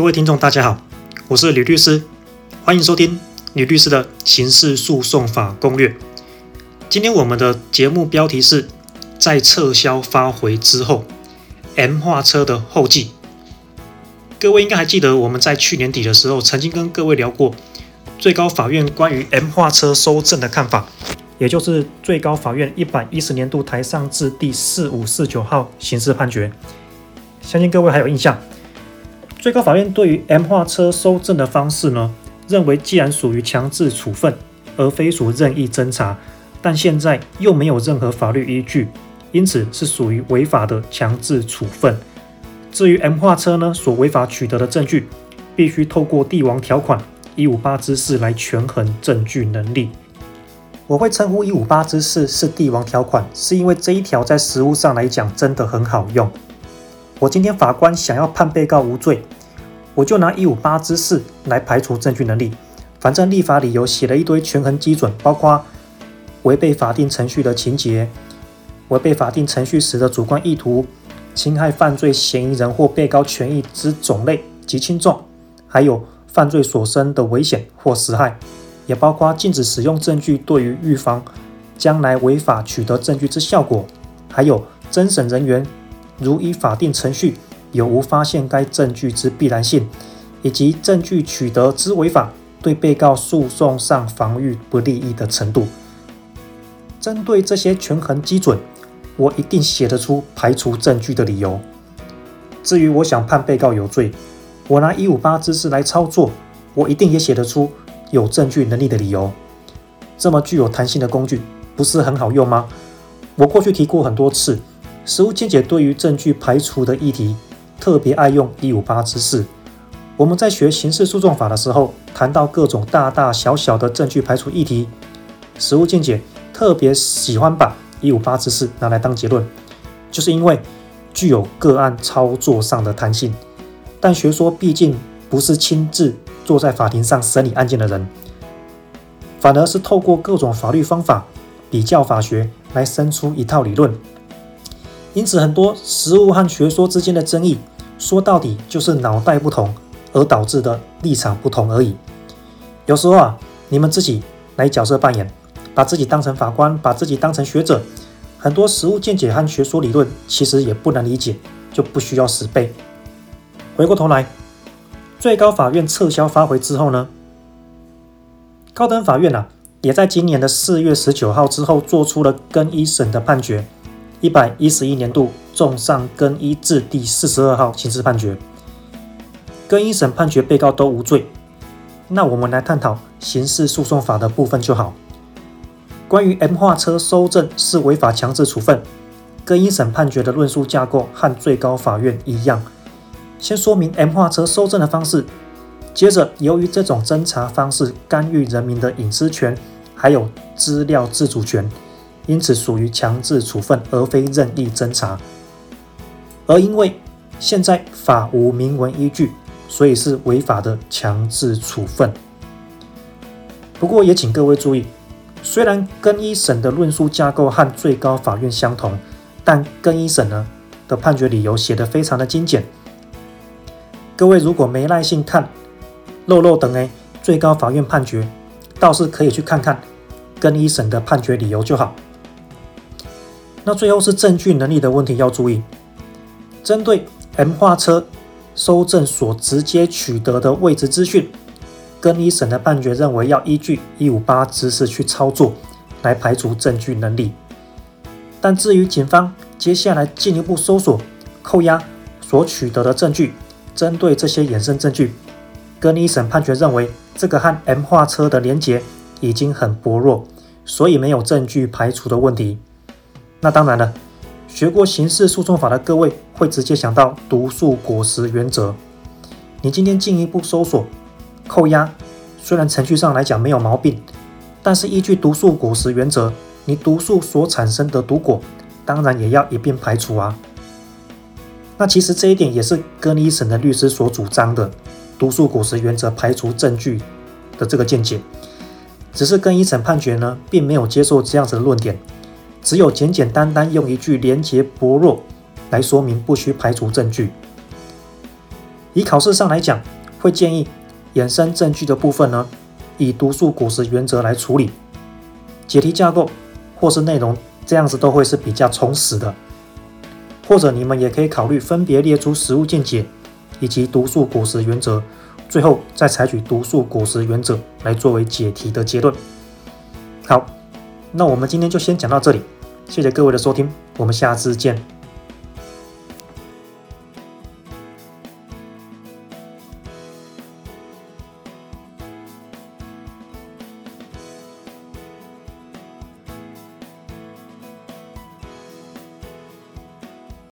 各位聽眾，大家好，我是呂律師，歡迎收聽呂律師的《刑事訴訟法攻略》。今天我們的節目標題是“在撤銷發回之後，M 化車的後記”。各位應該還記得，我們在去年底的時候曾經跟各位聊過最高法院關於 M 化車蒐證的看法，也就是最高法院一百一十年度台上字第四五四九號刑事判決。相信各位還有印象。最高法院對於 M 化車蒐證的方式呢，認為既然屬於強制處分，而非屬任意偵查，但現在又沒有任何法律依據，因此是屬於違法的強制處分。至於 M 化車呢所違法取得的證據，必須透過帝王條款一五八之四來權衡證據能力。我會稱呼一五八之四是帝王條款，是因為這一條在實務上來講真的很好用。我今天法官想要判被告無罪，我就拿一五八之四來排除證據能力。反正立法理由寫了一堆權衡基準，包括違背法定程序的情節、違背法定程序時的主觀意圖、侵害犯罪嫌疑人或被告權益之種類及輕重，還有犯罪所生的危險或實害，也包括禁止使用證據對於預防將來違法取得證據之效果，還有偵審人員。如依法定程序，有無發現該證據之必然性，以及證據取得之違法，對被告訴訟上防禦不利益的程度。針對這些權衡基準，我一定寫得出排除證據的理由。至於我想判被告有罪，我拿一五八之四來操作，我一定也寫得出有證據能力的理由。這麼具有彈性的工具，不是很好用嗎？我過去提過很多次。實務見解對於證據排除的議題，特別愛用一五八之四。我們在學刑事訴訟法的時候，談到各種大大小小的證據排除議題，實務見解特別喜歡把一五八之四拿來當結論，就是因為具有個案操作上的彈性。但學說畢竟不是親自坐在法庭上審理案件的人，反而是透過各種法律方法、比較法學來生出一套理論。因此，很多實務和學說之間的爭議，說到底就是腦袋不同而導致的立場不同而已。有時候啊，你們自己來角色扮演，把自己當成法官，把自己當成學者，很多實務見解和學說理論其實也不難理解，就不需要死背。回過頭來，最高法院撤銷發回之後呢，高等法院啊，也在今年的四月十九號之後做出了更一審的判決。一百一十一年度重上更一字第四十二號刑事判決，更一審判決被告都無罪。那我們來探討刑事訴訟法的部分就好。關於 M 化車蒐證是違法強制處分，更一審判決的論述架構和最高法院一樣。先說明 M 化車蒐證的方式，接着由於這種偵查方式干預人民的隱私權，還有資料自主權。因此屬於強制處分，而非任意偵查。而因為現在法無明文依據，所以是違法的強制處分。不過也請各位注意，雖然更一審的論述架構和最高法院相同，但更一審呢的判決理由寫得非常的精簡。各位如果沒耐性看，落落長誒，最高法院判決，倒是可以去看看更一審的判決理由就好。那最後是證據能力的問題，要注意。針對 M 化車蒐證所直接取得的位置資訊，更一審的判決認為要依據一五八知識去操作，來排除證據能力。但至於警方接下來進一步搜索、扣押所取得的證據，針對這些衍生證據，更一審判決認為這個和 M 化車的連結已經很薄弱，所以沒有證據排除的問題。那當然了，學過刑事訴訟法的各位會直接想到毒樹果實原則。你今天進一步搜索，扣押雖然程序上來講沒有毛病，但是依據毒樹果實原則，你毒樹所產生的毒果當然也要一併排除啊。那其實這一點也是更一審的律師所主張的毒樹果實原則排除證據的這個見解，只是更一審判決呢，並沒有接受這樣子的論點。.只有簡簡單單，單用一句“連接薄弱”來說明，不需排除證據。以考試上來講，會建議衍生證據的部分呢，以毒樹果實原則來處理。解題架構或是內容這樣子都會是比較充實的。或者你們也可以考慮分別列出實務見解以及毒樹果實原則，最後再採取毒樹果實原則來作為解題的結論。好。那我們今天就先講到這裡，謝謝各位的收聽，我們下次見。